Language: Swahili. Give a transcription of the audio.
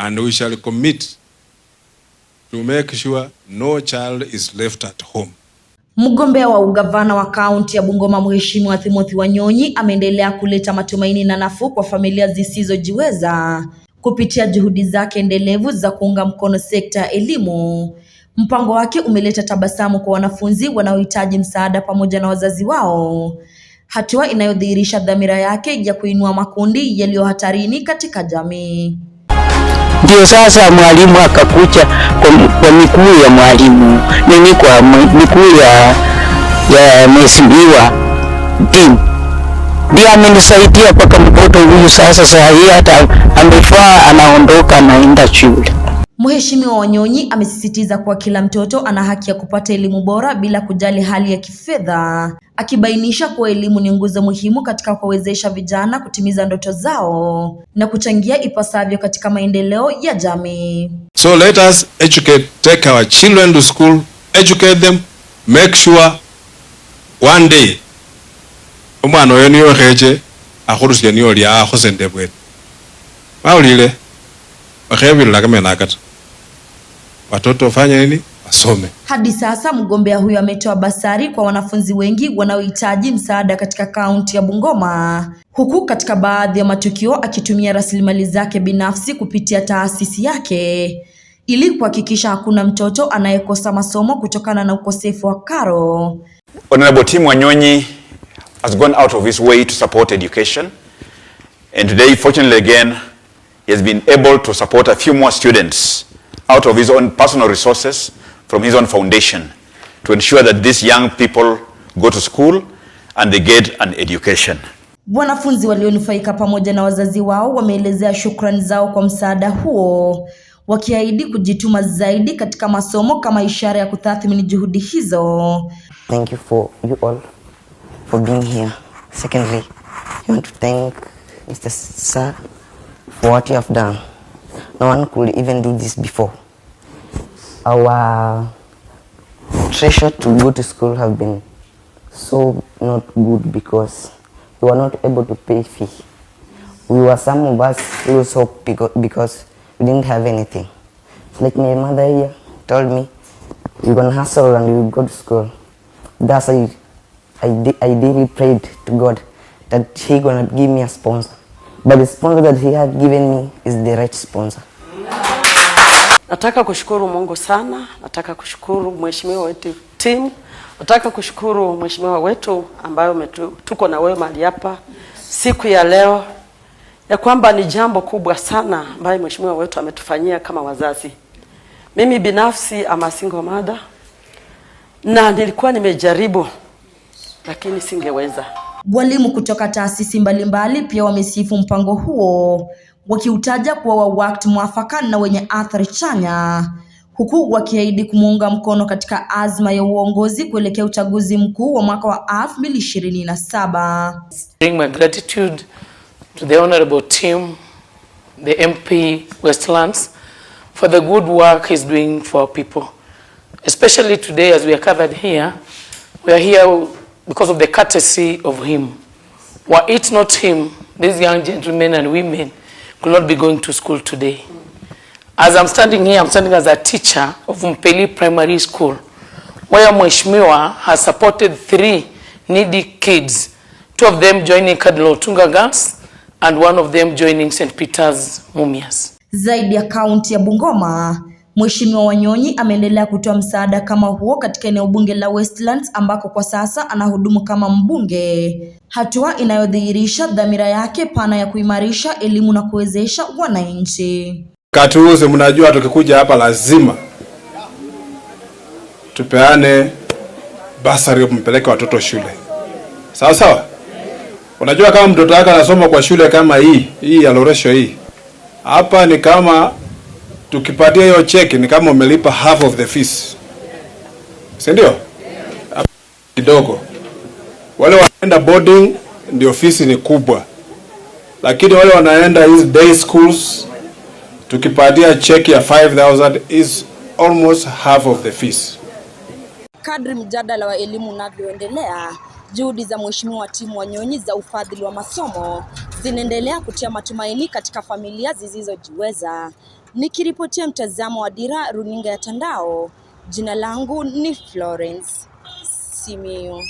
and we shall commit to make sure no child is left at home. Mgombea wa ugavana wa kaunti ya Bungoma Mheshimiwa Timothy Wanyonyi ameendelea kuleta matumaini na nafuu kwa familia zisizojiweza kupitia juhudi zake endelevu za kuunga mkono sekta ya elimu. Mpango wake umeleta tabasamu kwa wanafunzi wanaohitaji msaada pamoja na wazazi wao, hatua inayodhihirisha dhamira yake ya kuinua makundi yaliyo hatarini katika jamii. Ndio sasa mwalimu akakucha kwa mikuu ya mwalimu nini, kwa mikuu ya, ya mheshimiwa Dean ndio amenisaidia mpaka mtoto huyu sasa, saa hii hata amefaa, anaondoka anaenda shule. Mheshimiwa Wanyonyi amesisitiza kuwa kila mtoto ana haki ya kupata elimu bora bila kujali hali ya kifedha, akibainisha kuwa elimu ni nguzo muhimu katika kuwawezesha vijana kutimiza ndoto zao na kuchangia ipasavyo katika maendeleo ya jamii. So let us educate, take our children to school, educate them, make sure one day umwana oyo niyo kheche akhurusiya niyo lya akhosendebwele mawulile okhebirira kamene akata watoto wafanye nini? Wasome. Hadi sasa mgombea huyo ametoa basari kwa wanafunzi wengi wanaohitaji msaada katika kaunti ya Bungoma, huku katika baadhi ya matukio akitumia rasilimali zake binafsi kupitia taasisi yake ili kuhakikisha hakuna mtoto anayekosa masomo kutokana na ukosefu wa karo. Honorable Tim Wanyonyi has gone out of his way to support education and today fortunately again he has been able to support a few more students out of his own personal resources from his own foundation to ensure that these young people go to school and they get an education. Wanafunzi walionufaika pamoja na wazazi wao wameelezea shukrani zao kwa msaada huo wakiahidi kujituma zaidi katika masomo kama ishara ya kutathmini juhudi hizo. Thank you for you all for being here. Secondly, I want to thank Mr. Sir for what you have done. No one could even do this before. Our treasure to go to school have been so not good because we were not able to pay fee. We were some of us lose hope because we didn't have anything. Like my mother here told me, you're gonna hustle and you go to school. That's why I, I daily prayed to God that he gonna give me a sponsor. But the sponsor that he had given me is the right sponsor. Nataka kushukuru Mungu sana, nataka kushukuru mheshimiwa wetu team, nataka kushukuru mheshimiwa wetu ambayo metu, tuko na wewe mahali hapa siku ya leo, ya kwamba ni jambo kubwa sana ambayo mheshimiwa wetu ametufanyia kama wazazi. Mimi binafsi ama single mother, na nilikuwa nimejaribu lakini singeweza. Walimu kutoka taasisi mbalimbali pia wamesifu mpango huo wakiutaja kuwa wa wakati mwafaka na wenye athari chanya huku wakiahidi kumuunga mkono katika azma ya uongozi kuelekea uchaguzi mkuu wa mwaka wa 2027. Bring My gratitude to the honorable team, the MP Westlands for the good work he's doing for our people. Especially today as we are gathered here, we are here because of the courtesy of him. Were it not him, these young gentlemen and women could not be going to school today. As I'm standing here, I'm standing as a teacher of Mpeli Primary School, where Mweshmiwa has supported three needy kids, two of them joining Cardinal Tunga Girls and one of them joining St. Peter's Mumias. Zaidi ya kaunti ya Bungoma Mheshimiwa Wanyonyi ameendelea kutoa msaada kama huo katika eneo bunge la Westlands ambako kwa sasa anahudumu kama mbunge, hatua inayodhihirisha dhamira yake pana ya kuimarisha elimu na kuwezesha wananchi. Katuuzi, mnajua tukikuja hapa lazima tupeane basari kumpeleka watoto shule, sawa sawa. Unajua, kama mtoto wake anasoma kwa shule kama hii hii ya Loresho, hii hapa ni kama tukipatia hiyo cheki ni kama umelipa half of the fees, si ndio? Kidogo wale wanaenda boarding ndio fees ni kubwa, lakini wale wanaenda hizi day schools tukipatia cheki ya 5000 is almost half of the fees. Kadri mjadala wa elimu unavyoendelea, juhudi za Mheshimiwa wa Wanyonyi za ufadhili wa masomo zinaendelea kutia matumaini katika familia zisizojiweza. Nikiripotia mtazamo wa Dira runinga ya Tandao, jina langu ni Florence Simiyu.